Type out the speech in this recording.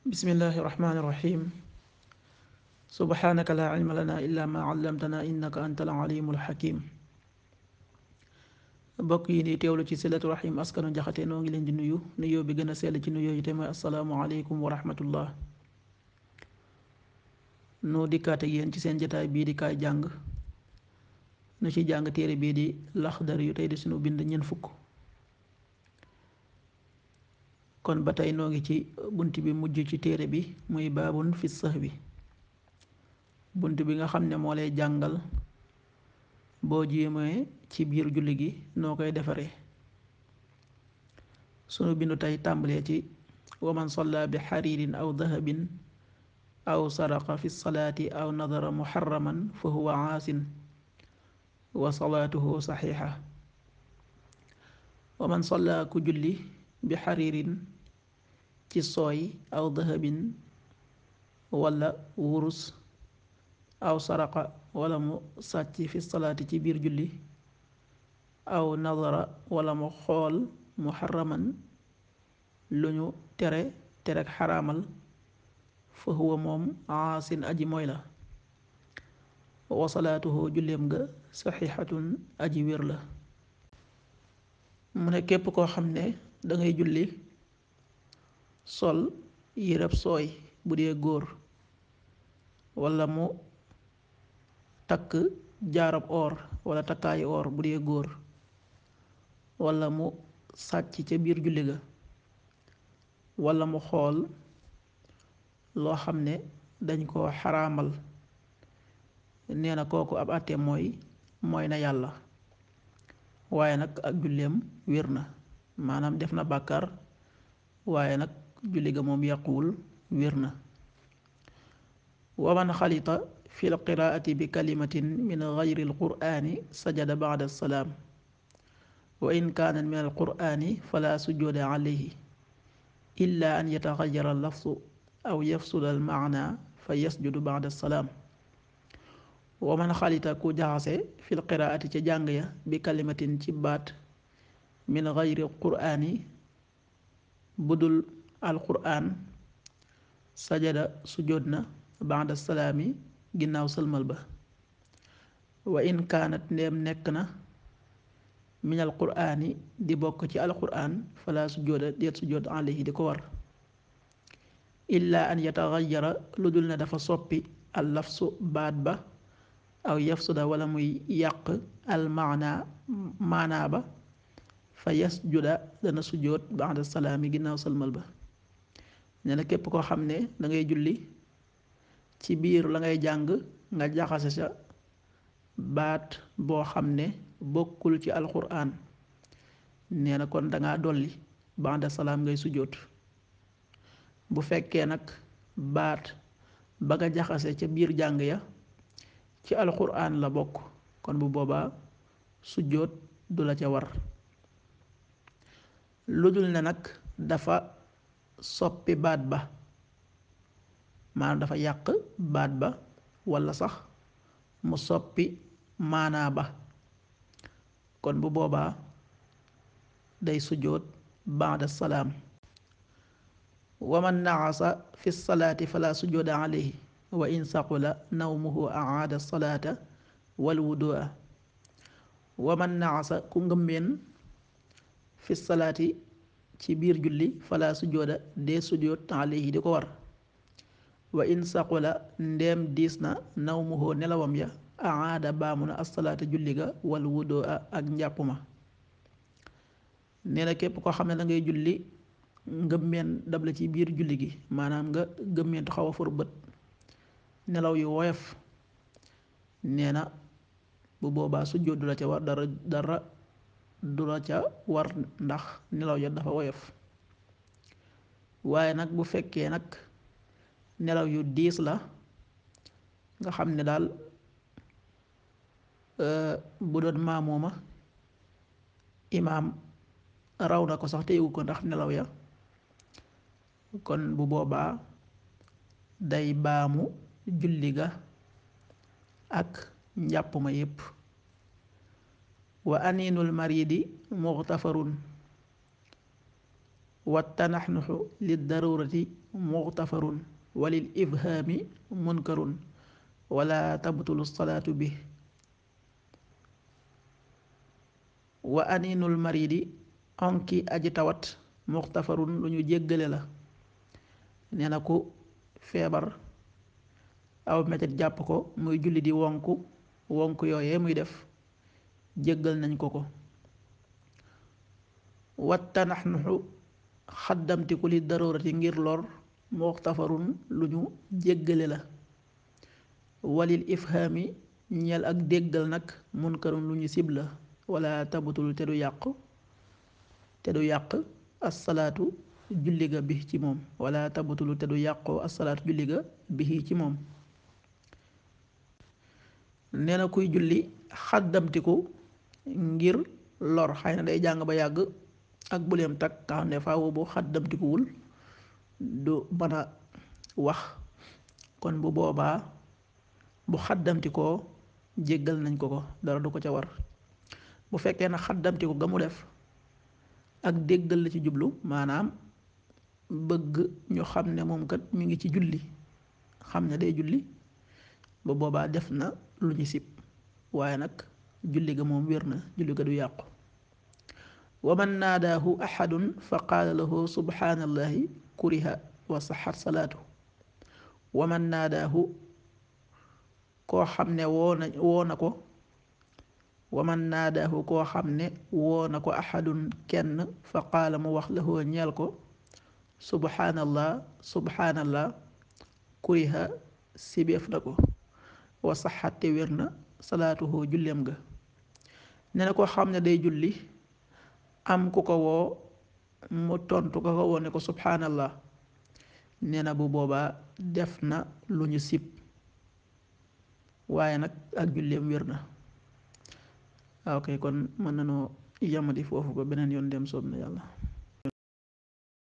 bismillahi irrahmani irrahim subhanaka laa ilma lana illa maa allamtana innaka anta al alimul hakim mbokk yi ni teewlu ci silatu rahim askanu noo ngi leen di nuyu nuyoo bi gën a sell ci nuyoo yi te mooy asalaamualeykum wa rahmatullah noo dikkaate yéen ci seen jataay bii di jàng nu ci jàng téere bii di laxdar yu tey di sunu bind ñeent fukk ba tey noo ngi ci uh, bunt bi mujj ci téere bi muy baabun fi bi bunt bi nga xam ne moo jàngal boo jéemee ci biir julli gi noo koy defaree sunu bindu tey tàmbalee ci waman salla bi xariirin aw dahabin aw saraqa fi salaati aw nadara muharraman fa huwa aasin wa salaatuhu saxiixa waman salla ku julli bi xariirin ci sooy aw dahabin wala wurus aw saraqa wala mu sàcc fi salaati ci biir julli aw nazara wala mu xool muharraman lu ñu tere tere ak xaraamal fa huwa moom aasin aji mooy la wa salaatuhu julleem ga saxiixatun aji wér la mu ne képp koo xam ne dangay julli sol yërëb sooy bu dee góor walla mu takk jaarab or walla takkaayu or bu dee góor walla mu sàcc ca biir julli ga walla mu xool loo xam ne dañ koo xaraamal nee na kooku ab àtte mooy mooy na yàlla waaye nag ak julleem wér na maanaam def na bàkkaar waaye nag julli ga moom yàquwul wér na wa man xalita fi l qiraati bi kalimatin min gayri al qurani sajada bacda alsalaam wa in kaanat min al qurani fala sujuda alayhi illa an yataxayara allafsu aw yafsuda almaana fa yasjudu bacda alsalaam wa man xalita ku jaxase fi l qiraati ca jàng ya bi kalimatin ci baat min gayri qurani budul alquran sajada sujjóot na baada salaami ginnaaw sëlmal ba wa in kaanat ndéem nekk na min alquraani di bokk ci alquran fala sujjóota déet sujjóot alayhi di ko war illaa an yataxayara lu dul ne dafa soppi al lafsu baat ba aw yafsuda walla muy yàq al maana maanaa ba fa yasjuda dana sujjóot baada salaami ginnaaw sëlmal ba nee na képp koo xam ne dangay julli ci biir la ngay jàng nga jaxase sa baat boo xam ne bokkul ci alquran nee na kon danga dolli banda salaam ngay sujjóot bu fekkee nag baat ba nga jaxase ca biir jàng ya ci alquran la bokk kon bu boobaa sujjóot du la ca war lu dul ne nag dafa soppi baat ba maanaam dafa yàq baat ba walla sax mu soppi maanaa ba kon bu boobaa day sujjóot baada salaam wa man naasa fi salaati fala sujuuda alayhi wa in saqula nawmuhu aada salaata wal wudua wa man naasa ku ngëmbeen fi salaati ci biir julli fala sujooda dee sujood alayhi di ko war wa in saqula ndéem diis na naw mu hoo nelawam ya da baamu na asalaata julli ga wal wudoo ak njàpp ma képp koo xam ne da ngay julli ngëmmeen dab la ci biir julli gi maanaam nga ngëmmeen xaw a bët nelaw yu woyof nee bu boobaa sujjóot du la ca war dara dara du la ca war ndax nelaw ya dafa woyof waaye nag bu fekkee nag nelaw yu diis la nga xam ne daal euh, bu doon ma imaam raw na ko sax te yëgu ko ndax nelaw ya kon bu boobaa day baamu julli ga ak njàppuma yépp wa aniinul maridi muxtafarun wa tanaxnuxu lil darurati muxtafarun wa lil ifhaami munkarun wala tabtulu salaatu bi wa aniinul di onki aji tawat muxtafarun lu ñu jéggale la nee na ku feebar aw metit jàpp ko muy julli di wonku wonku yooyee muy def jéggal nañ ko ko wattanax nuxu xaddamtiku li darurati ngir lor muxtafarun lu ñu jéggale la walil ifhaami ñeel ak déggal nag munkarun lu ñu sib la wala tabatul te du yàq te du yàq asalaatu julliga bi ci moom wala tabatul te du yàqoo asalaatu julliga bi ci moom nee na kuy julli xaddamtiku ngir lor xay na day jàng ba yàgg ak buleem takk nga xam ne faaw bu xat du mën a wax kon bu boobaa bu xat jéggal nañ ko ko dara du ko ca war bu fekkee na xat damtiku ga mu def ak déggal la ci jublu maanaam bëgg ñu xam ne moom kat mi ngi ci julli xam ne day julli ba boobaa def na lu ñu sib waaye nag julli ga moom wér na julli ga du yàqu wa man naadaahu axadun fa qaala lahu subhaanallahi kuriha wa saxat salaatu wa man naadaahu koo xam ne woo na ko wa man naadaahu koo xam ne woo ko axadun kenn fa qaala mu wax lahu ñeel ko subhaanallah subhaanallah kuriha sibeef na ko wa saxat te wér salaatuhu julleem ga nee na ko xam ne day julli am ku ko woo mu tontu ko ko woo ne ko subhanallah nee na bu boobaa def na lu ñu sib waaye nag ak julleem wér na ah, ok kon mën nanoo yamadi foofu ba beneen yoon dem soob na yàlla